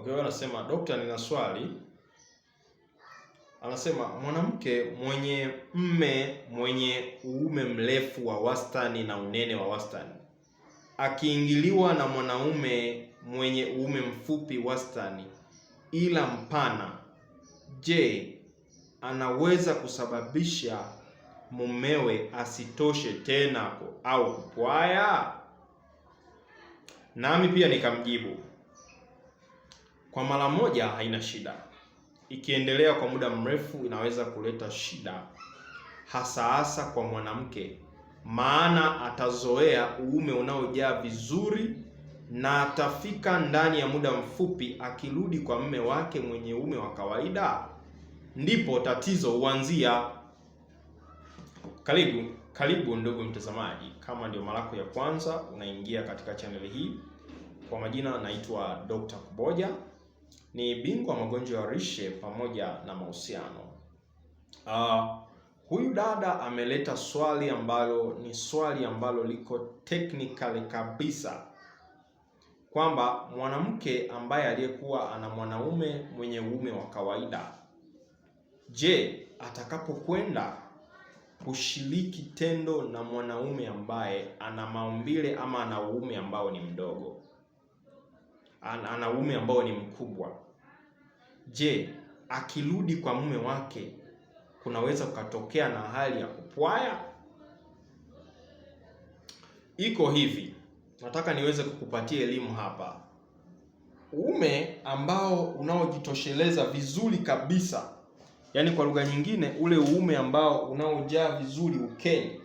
Okay, wewe anasema dokta, nina swali. Anasema mwanamke mwenye mme mwenye uume mrefu wa wastani na unene wa wastani akiingiliwa na mwanaume mwenye uume mfupi wastani ila mpana, je, anaweza kusababisha mumewe asitoshe tena au kupwaya? Nami pia nikamjibu kwa mara moja haina shida, ikiendelea kwa muda mrefu inaweza kuleta shida, hasa hasa kwa mwanamke, maana atazoea uume unaojaa vizuri na atafika ndani ya muda mfupi, akirudi kwa mme wake mwenye uume wa kawaida, ndipo tatizo huanzia. Karibu karibu ndugu mtazamaji, kama ndio mara yako ya kwanza unaingia katika chaneli hii, kwa majina naitwa Dr. Kuboja ni bingwa magonjwa ya lishe pamoja na mahusiano. Uh, huyu dada ameleta swali ambalo ni swali ambalo liko technical kabisa kwamba mwanamke ambaye aliyekuwa ana mwanaume mwenye uume wa kawaida, je, atakapokwenda kushiriki tendo na mwanaume ambaye ana maumbile ama ana uume ambao ni mdogo ana uume ambao ni mkubwa. Je, akirudi kwa mume wake kunaweza kukatokea na hali ya kupwaya? Iko hivi, nataka niweze kukupatia elimu hapa. Ume ambao unaojitosheleza vizuri kabisa, yaani kwa lugha nyingine, ule uume ambao unaojaa vizuri ukeni,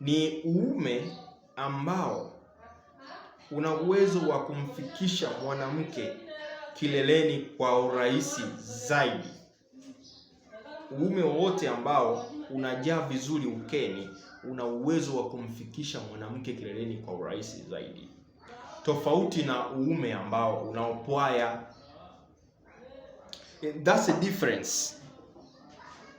ni uume ambao una uwezo wa kumfikisha mwanamke kileleni kwa urahisi zaidi. Uume wowote ambao unajaa vizuri ukeni una uwezo wa kumfikisha mwanamke kileleni kwa urahisi zaidi, tofauti na uume ambao unaopwaya. That's a difference.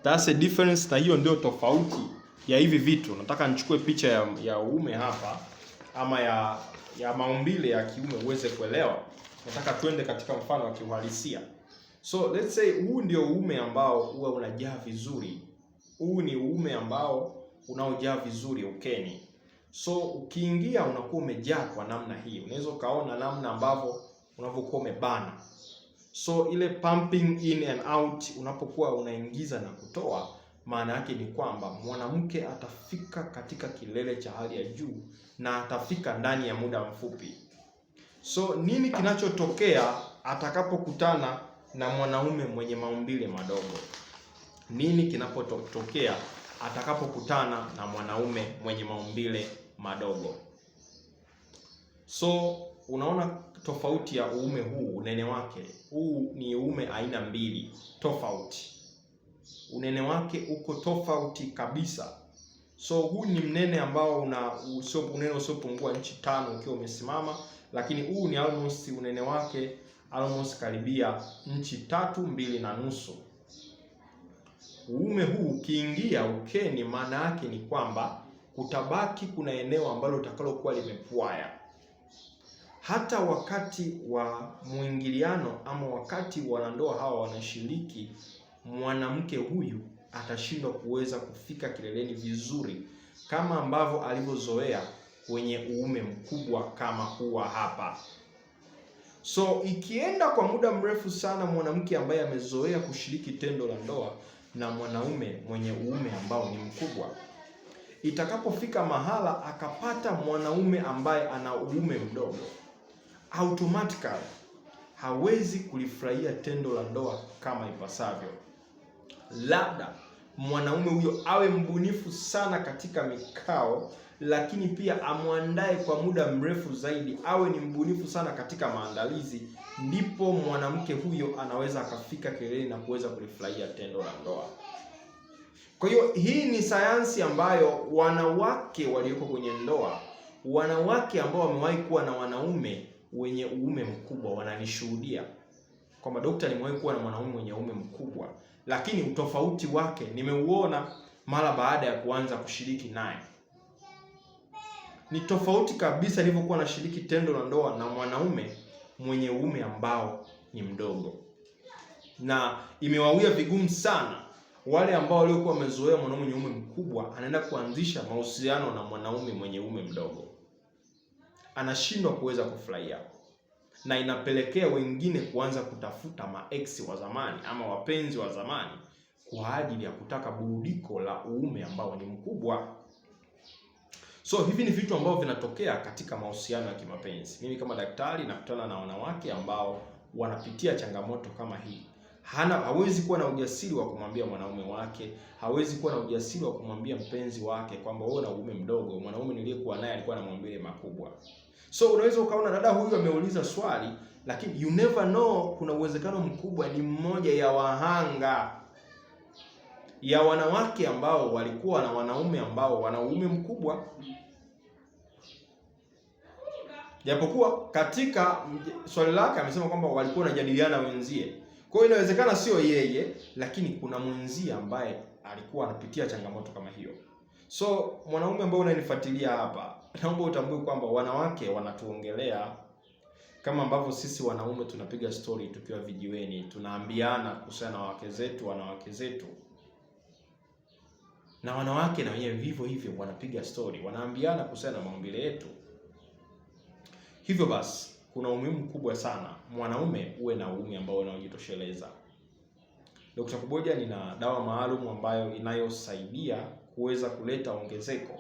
That's a difference, na hiyo ndio tofauti ya hivi vitu. Nataka nichukue picha ya, ya uume hapa ama ya ya maumbile ya kiume uweze kuelewa. Nataka twende katika mfano wa kiuhalisia. So let's say huu ndio uume ambao huwa unajaa vizuri. Huu ni uume ambao unaojaa vizuri ukeni. So ukiingia unakuwa umejaa kwa namna hii. Unaweza ukaona namna ambavyo unavyokuwa umebana. So ile pumping in and out unapokuwa unaingiza na kutoa maana yake ni kwamba mwanamke atafika katika kilele cha hali ya juu na atafika ndani ya muda mfupi. So nini kinachotokea atakapokutana na mwanaume mwenye maumbile madogo? Nini kinapotokea atakapokutana na mwanaume mwenye maumbile madogo? So unaona tofauti ya uume huu, unene wake huu, ni uume aina mbili tofauti unene wake uko tofauti kabisa. So huu ni mnene ambao una usio unene usiopungua nchi tano ukiwa umesimama, lakini huu ni almost unene wake almost karibia nchi tatu mbili na nusu. Uume huu ukiingia ukeni, maana yake ni kwamba kutabaki kuna eneo ambalo utakalokuwa limepwaya hata wakati wa mwingiliano ama wakati wanandoa hawa wanashiriki mwanamke huyu atashindwa kuweza kufika kileleni vizuri kama ambavyo alivyozoea kwenye uume mkubwa kama huwa hapa. So ikienda kwa muda mrefu sana, mwanamke ambaye amezoea kushiriki tendo la ndoa na mwanaume mwenye uume ambao ni mkubwa, itakapofika mahala akapata mwanaume ambaye ana uume mdogo, automatically hawezi kulifurahia tendo la ndoa kama ipasavyo labda mwanaume huyo awe mbunifu sana katika mikao, lakini pia amwandae kwa muda mrefu zaidi, awe ni mbunifu sana katika maandalizi, ndipo mwanamke huyo anaweza akafika kileleni na kuweza kulifurahia tendo la ndoa. Kwa hiyo hii ni sayansi ambayo wanawake walioko kwenye ndoa, wanawake ambao wamewahi kuwa na wanaume wenye uume mkubwa wananishuhudia kwamba daktari, nimewahi kuwa na mwanaume mwenye ume mkubwa, lakini utofauti wake nimeuona mara baada ya kuanza kushiriki naye. Ni tofauti kabisa nilivyokuwa nashiriki tendo la ndoa na mwanaume mwenye ume ambao ni mdogo, na imewawia vigumu sana wale ambao waliokuwa wamezoea mwanaume mwenye ume mkubwa, anaenda kuanzisha mahusiano na mwanaume mwenye ume mdogo, anashindwa kuweza kufurahia na inapelekea wengine kuanza kutafuta maex wa zamani ama wapenzi wa zamani kwa ajili ya kutaka burudiko la uume ambao ni mkubwa. So hivi ni vitu ambavyo vinatokea katika mahusiano ya kimapenzi. Mimi kama daktari nakutana na wanawake ambao wanapitia changamoto kama hii hana hawezi kuwa na ujasiri wa kumwambia mwanaume wake, hawezi kuwa na ujasiri wa kumwambia mpenzi wake kwamba wewe na uume mdogo, mwanaume niliyekuwa naye alikuwa na ile makubwa. So unaweza ukaona dada huyu ameuliza swali, lakini you never know, kuna uwezekano mkubwa ni mmoja ya wahanga ya wanawake ambao walikuwa na wanaume ambao wana uume mkubwa japokuwa katika swali lake amesema kwamba walikuwa wanajadiliana wenzie kwa hiyo inawezekana sio yeye, lakini kuna mwenzie ambaye alikuwa anapitia changamoto kama hiyo. So mwanaume ambaye unanifuatilia hapa, naomba utambue kwamba wanawake wanatuongelea kama ambavyo sisi wanaume tunapiga story tukiwa vijiweni, tunaambiana kuhusiana na wake zetu, wanawake zetu, na wanawake na wenyewe vivyo hivyo wanapiga story, wanaambiana kuhusiana na maumbile yetu. Hivyo basi kuna umuhimu mkubwa sana mwanaume uwe na uume ambao unaojitosheleza. Dr. Kuboja nina dawa maalum ambayo inayosaidia kuweza kuleta ongezeko